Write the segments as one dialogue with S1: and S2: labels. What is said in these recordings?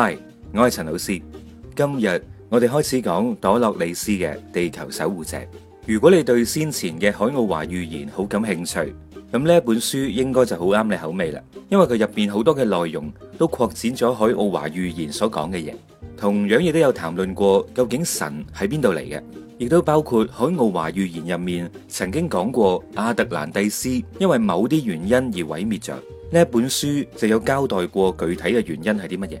S1: 嗨，Hi, 我係陳老師。今日我哋開始講朵洛利斯嘅地球守護者。如果你對先前嘅海奧華預言好感興趣，咁呢一本書應該就好啱你口味啦。因為佢入邊好多嘅內容都擴展咗海奧華預言所講嘅嘢，同樣亦都有談論過究竟神喺邊度嚟嘅，亦都包括海奧華預言入面曾經講過亞特蘭蒂斯因為某啲原因而毀滅咗。呢一本書就有交代過具體嘅原因係啲乜嘢。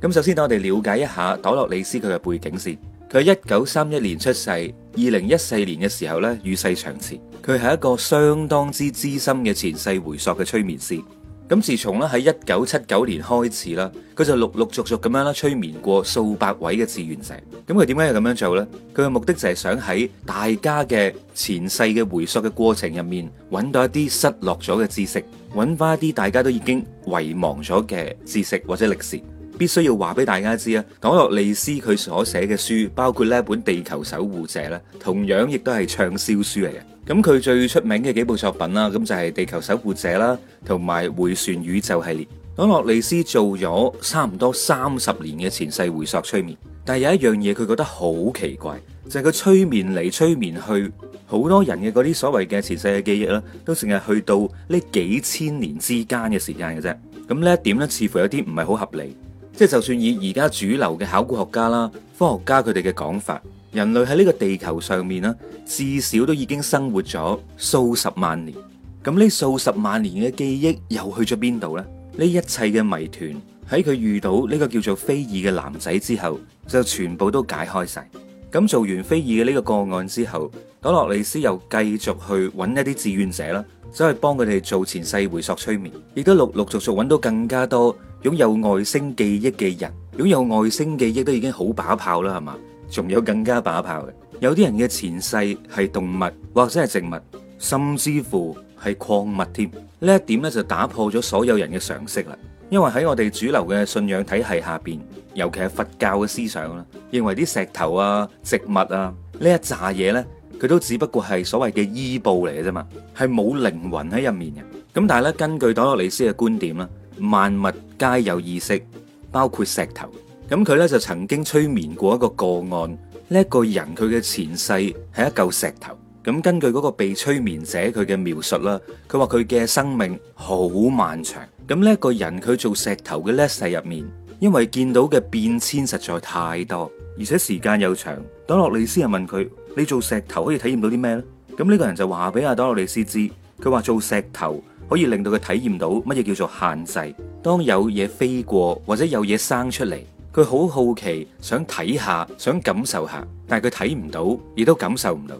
S1: 咁首先，等我哋了解一下朵洛里斯佢嘅背景先。佢喺一九三一年出世，二零一四年嘅時候呢，與世長辭。佢係一個相當之資深嘅前世回溯嘅催眠師。咁自從咧喺一九七九年開始啦，佢就陸陸續續咁樣咧催眠過數百位嘅志願者。咁佢點解要咁樣做呢？佢嘅目的就係想喺大家嘅前世嘅回溯嘅過程入面，揾到一啲失落咗嘅知識，揾翻一啲大家都已經遺忘咗嘅知識或者歷史。必須要話俾大家知啊！朵洛利斯佢所寫嘅書，包括呢本《地球守護者》咧，同樣亦都係暢銷書嚟嘅。咁佢最出名嘅幾部作品啦，咁就係《地球守護者》啦，同埋《回旋宇宙》系列。朵洛利斯做咗差唔多三十年嘅前世回溯催眠，但係有一樣嘢佢覺得好奇怪，就係佢催眠嚟催眠去，好多人嘅嗰啲所謂嘅前世嘅記憶咧，都淨係去到呢幾千年之間嘅時間嘅啫。咁呢一點咧，似乎有啲唔係好合理。即係就算以而家主流嘅考古學家啦、科學家佢哋嘅講法，人類喺呢個地球上面啦，至少都已經生活咗數十萬年。咁呢數十萬年嘅記憶又去咗邊度呢？呢一切嘅謎團喺佢遇到呢個叫做菲爾嘅男仔之後，就全部都解開晒。咁做完菲爾嘅呢個個案之後，朵洛利斯又繼續去揾一啲志願者啦，走去幫佢哋做前世回溯催眠，亦都陸陸續續揾到更加多。擁有外星記憶嘅人，擁有外星記憶都已經好把炮啦，係嘛？仲有更加把炮嘅。有啲人嘅前世係動物或者係植物，甚至乎係礦物添。呢一點咧就打破咗所有人嘅常識啦。因為喺我哋主流嘅信仰體系下邊，尤其係佛教嘅思想啦，認為啲石頭啊、植物啊呢一揸嘢咧，佢都只不過係所謂嘅依報嚟嘅啫嘛，係冇靈魂喺入面嘅。咁但係咧，根據朵洛里斯嘅觀點啦，萬物皆有意識，包括石頭。咁佢呢就曾經催眠過一個個案，呢一個人佢嘅前世係一嚿石頭。咁根據嗰個被催眠者佢嘅描述啦，佢話佢嘅生命好漫長。咁呢一個人佢做石頭嘅呢世入面，因為見到嘅變遷實在太多，而且時間又長。朵洛莉斯又問佢：「你做石頭可以體驗到啲咩呢？」咁呢個人就話俾阿朵洛莉斯知，佢話做石頭。可以令到佢體驗到乜嘢叫做限制。當有嘢飛過或者有嘢生出嚟，佢好好奇想睇下想感受下，但係佢睇唔到亦都感受唔到。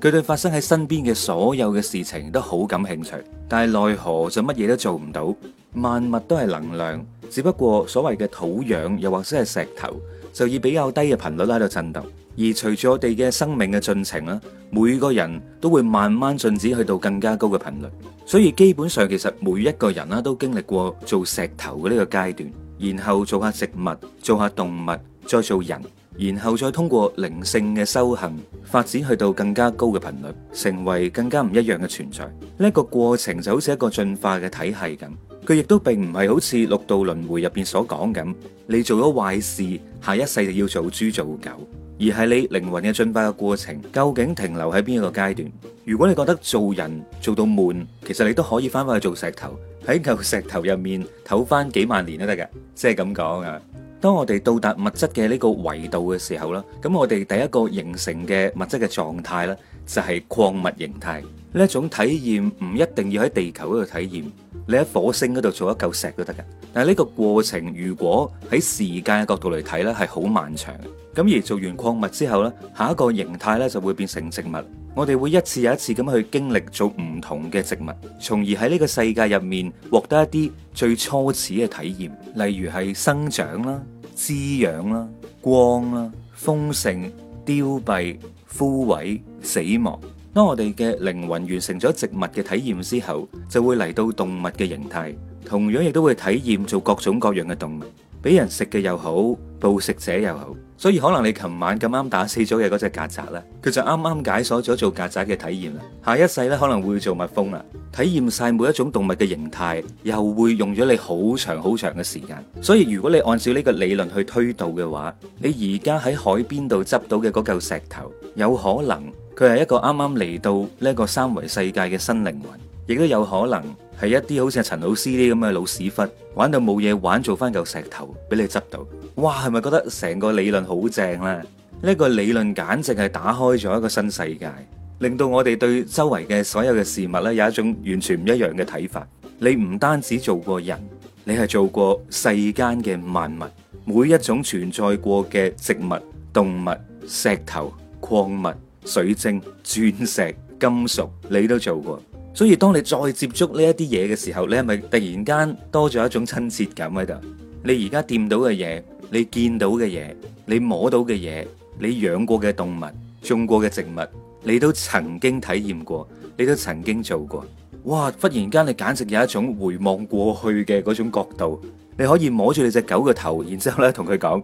S1: 佢對發生喺身邊嘅所有嘅事情都好感興趣，但係奈何就乜嘢都做唔到。萬物都係能量。只不過所謂嘅土壤又或者係石頭，就以比較低嘅頻率喺度震動。而隨住我哋嘅生命嘅進程啦，每個人都會慢慢進展去到更加高嘅頻率。所以基本上，其實每一個人啦都經歷過做石頭嘅呢個階段，然後做下植物，做下動物，再做人，然後再通過靈性嘅修行發展去到更加高嘅頻率，成為更加唔一樣嘅存在。呢個過程就好似一個進化嘅體系咁。佢亦都並唔係好似六道輪迴入邊所講咁，你做咗壞事，下一世就要做豬做狗，而係你靈魂嘅進化嘅過程，究竟停留喺邊一個階段？如果你覺得做人做到悶，其實你都可以翻返去做石頭，喺嚿石頭入面唞翻幾萬年都得嘅，即係咁講啊！當我哋到達物質嘅呢個維度嘅時候啦，咁我哋第一個形成嘅物質嘅狀態啦。就係礦物形態呢一種體驗，唔一定要喺地球嗰度體驗。你喺火星嗰度做一嚿石都得嘅。但係呢個過程，如果喺時間嘅角度嚟睇呢，係好漫長嘅。咁而做完礦物之後呢，下一個形態呢就會變成植物。我哋會一次又一次咁去經歷做唔同嘅植物，從而喺呢個世界入面獲得一啲最初始嘅體驗，例如係生長啦、滋養啦、光啦、豐盛、凋敝、枯萎。死亡。當我哋嘅靈魂完成咗植物嘅體驗之後，就會嚟到動物嘅形態，同樣亦都會體驗做各種各樣嘅動物，俾人食嘅又好，捕食者又好。所以可能你琴晚咁啱打死咗嘅嗰隻曱甴咧，佢就啱啱解鎖咗做曱甴嘅體驗啦。下一世咧可能會做蜜蜂啦，體驗晒每一種動物嘅形態，又會用咗你好長好長嘅時間。所以如果你按照呢個理論去推導嘅話，你而家喺海邊度執到嘅嗰嚿石頭，有可能。佢係一個啱啱嚟到呢一個三維世界嘅新靈魂，亦都有可能係一啲好似陳老師啲咁嘅老屎忽，玩到冇嘢玩，做翻嚿石頭俾你執到。哇，係咪覺得成個理論好正咧？呢個理論簡直係打開咗一個新世界，令到我哋對周圍嘅所有嘅事物呢，有一種完全唔一樣嘅睇法。你唔單止做過人，你係做過世間嘅萬物，每一種存在過嘅植物、動物、石頭、礦物。水晶、鑽石、金屬，你都做過，所以當你再接觸呢一啲嘢嘅時候，你係咪突然間多咗一種親切感喺度？你而家掂到嘅嘢，你見到嘅嘢，你摸到嘅嘢，你養過嘅動物，種過嘅植物，你都曾經體驗過，你都曾經做過，哇！忽然間你簡直有一種回望過去嘅嗰種角度，你可以摸住你隻狗嘅頭，然之後咧同佢講：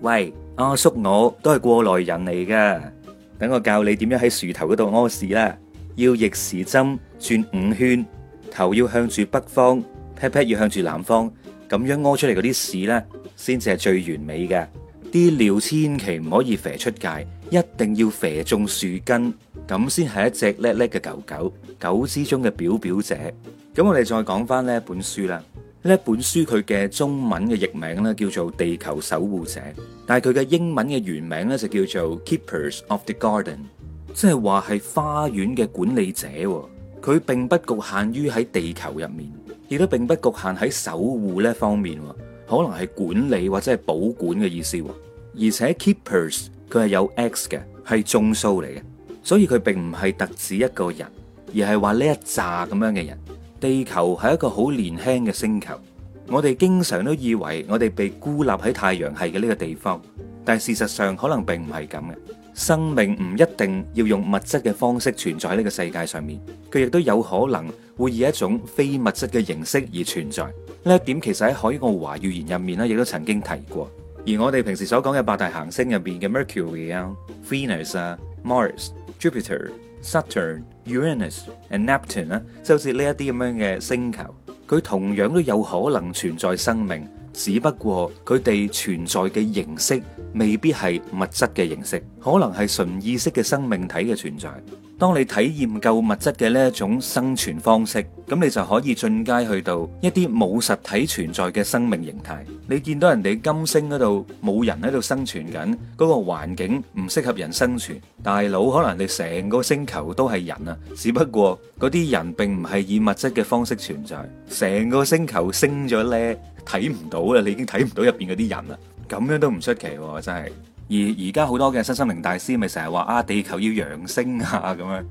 S1: 喂，阿叔，我都係過來人嚟㗎。等我教你點樣喺樹頭嗰度屙屎啦！要逆時針轉五圈，頭要向住北方，pat pat 要向住南方，咁樣屙出嚟嗰啲屎呢，先至係最完美嘅。啲尿千祈唔可以肥出界，一定要肥中樹根，咁先係一隻叻叻嘅狗狗，狗之中嘅表表姐。咁我哋再講翻呢本書啦。呢本書佢嘅中文嘅譯名呢，叫做《地球守護者》，但係佢嘅英文嘅原名呢，就叫做《Keepers of the Garden》，即係話係花園嘅管理者。佢並不局限於喺地球入面，亦都並不局限喺守護呢方面，可能係管理或者係保管嘅意思。而且 Keepers 佢係有 X 嘅，係眾數嚟嘅，所以佢並唔係特指一個人，而係話呢一紮咁樣嘅人。地球係一個好年輕嘅星球，我哋經常都以為我哋被孤立喺太陽系嘅呢個地方，但係事實上可能並唔係咁嘅。生命唔一定要用物質嘅方式存在喺呢個世界上面，佢亦都有可能會以一種非物質嘅形式而存在。呢一點其實喺海奧華預言入面咧，亦都曾經提過。而我哋平時所講嘅八大行星入面嘅 Mercury 啊、Venus 啊、Mars、Jupiter、Saturn、Uranus and Neptune，就好似呢一啲咁樣嘅星球，佢同樣都有可能存在生命，只不過佢哋存在嘅形式未必係物質嘅形式，可能係純意識嘅生命體嘅存在。當你體驗夠物質嘅呢一種生存方式，咁你就可以進階去到一啲冇實體存在嘅生命形態。你見到人哋金星嗰度冇人喺度生存緊，嗰個環境唔適合人生存。大佬可能你成個星球都係人啊，只不過嗰啲人並唔係以物質嘅方式存在。成個星球升咗呢，睇唔到啦，你已經睇唔到入邊嗰啲人啦。咁樣都唔出奇喎，真係。而而家好多嘅身心靈大師咪成日話啊，地球要揚升啊咁樣，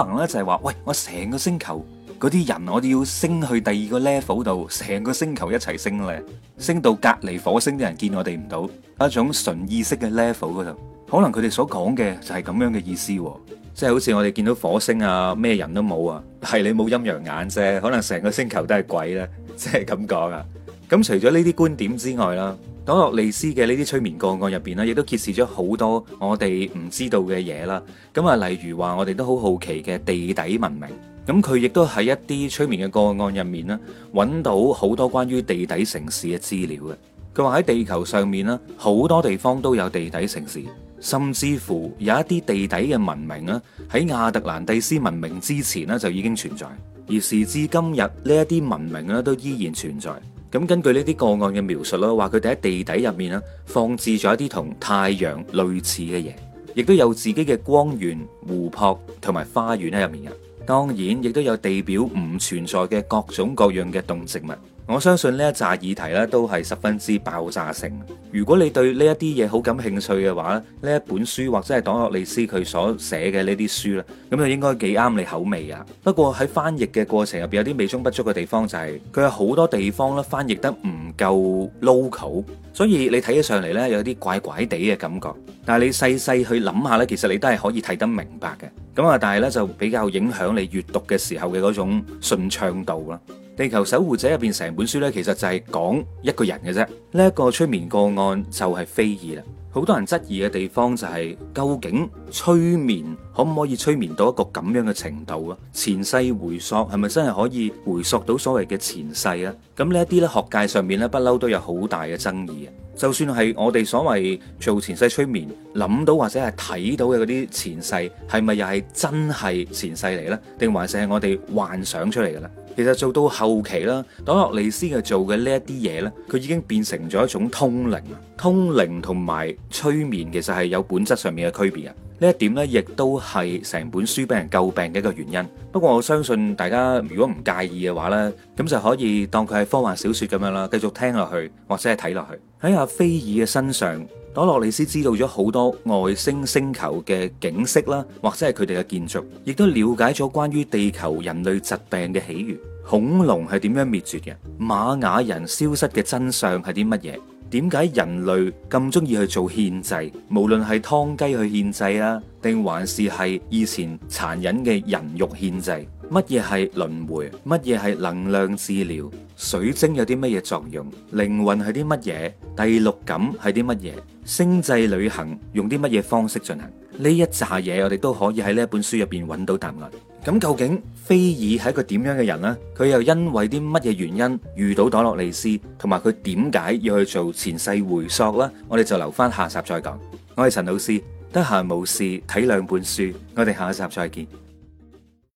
S1: 可能咧就係話喂我成個星球嗰啲人我哋要升去第二個 level 度，成個星球一齊升咧，升到隔籬火星啲人見我哋唔到，一種純意識嘅 level 嗰度，可能佢哋所講嘅就係咁樣嘅意思啊，即係好似我哋見到火星啊咩人都冇啊，係你冇陰陽眼啫，可能成個星球都係鬼咧，即係咁講啊。咁除咗呢啲觀點之外啦。當朵洛利斯嘅呢啲催眠個案入邊呢亦都揭示咗好多我哋唔知道嘅嘢啦。咁啊，例如話我哋都好好奇嘅地底文明，咁佢亦都喺一啲催眠嘅個案入面咧，揾到好多關於地底城市嘅資料嘅。佢話喺地球上面呢好多地方都有地底城市，甚至乎有一啲地底嘅文明呢喺亞特蘭蒂斯文明之前呢就已經存在，而時至今日呢一啲文明呢都依然存在。咁根據呢啲個案嘅描述啦，話佢哋喺地底入面啦，放置咗一啲同太陽類似嘅嘢，亦都有自己嘅光源、湖泊同埋花園喺入面嘅。當然，亦都有地表唔存在嘅各種各樣嘅動植物。我相信呢一扎議題咧都係十分之爆炸性。如果你對呢一啲嘢好感興趣嘅話，呢一本書或者係黨洛利斯佢所寫嘅呢啲書咧，咁就應該幾啱你口味啊。不過喺翻譯嘅過程入邊有啲美中不足嘅地方就係，佢有好多地方咧翻譯得唔夠 local，所以你睇起上嚟呢，有啲怪怪地嘅感覺。但係你細細去諗下呢，其實你都係可以睇得明白嘅。咁啊，但係咧就比較影響你閱讀嘅時候嘅嗰種順暢度啦。地球守護者入邊成本書咧，其實就係講一個人嘅啫。呢一個催眠個案就係非議啦。好多人質疑嘅地方就係究竟催眠可唔可以催眠到一個咁樣嘅程度啊？前世回溯係咪真係可以回溯到所謂嘅前世啊？咁呢一啲咧，學界上面咧不嬲都有好大嘅爭議啊。就算係我哋所謂做前世催眠，諗到或者係睇到嘅嗰啲前世，係咪又係？真係前世嚟，呢，定還是係我哋幻想出嚟嘅啦？其實做到後期啦，朵洛利斯佢做嘅呢一啲嘢呢，佢已經變成咗一種通靈。通靈同埋催眠其實係有本質上面嘅區別嘅。呢一點呢，亦都係成本書俾人詬病嘅一個原因。不過我相信大家如果唔介意嘅話呢，咁就可以當佢係科幻小說咁樣啦，繼續聽落去或者係睇落去喺阿菲爾嘅身上。朵洛莉絲知道咗好多外星星球嘅景色啦，或者係佢哋嘅建築，亦都了解咗關於地球人類疾病嘅起源，恐龍係點樣滅絕嘅，瑪雅人消失嘅真相係啲乜嘢？點解人類咁中意去做獻祭？無論係劏雞去獻祭啊，定還是係以前殘忍嘅人肉獻祭？乜嘢係輪回？乜嘢係能量治療？水晶有啲乜嘢作用？靈魂係啲乜嘢？第六感係啲乜嘢？星際旅行用啲乜嘢方式進行？呢一紮嘢我哋都可以喺呢一本書入邊揾到答案。咁究竟菲爾係一個點樣嘅人咧？佢又因為啲乜嘢原因遇到朵洛利斯，同埋佢點解要去做前世回溯呢？我哋就留翻下集再講。我係陳老師，得閒冇事睇兩本書，我哋下一集再見。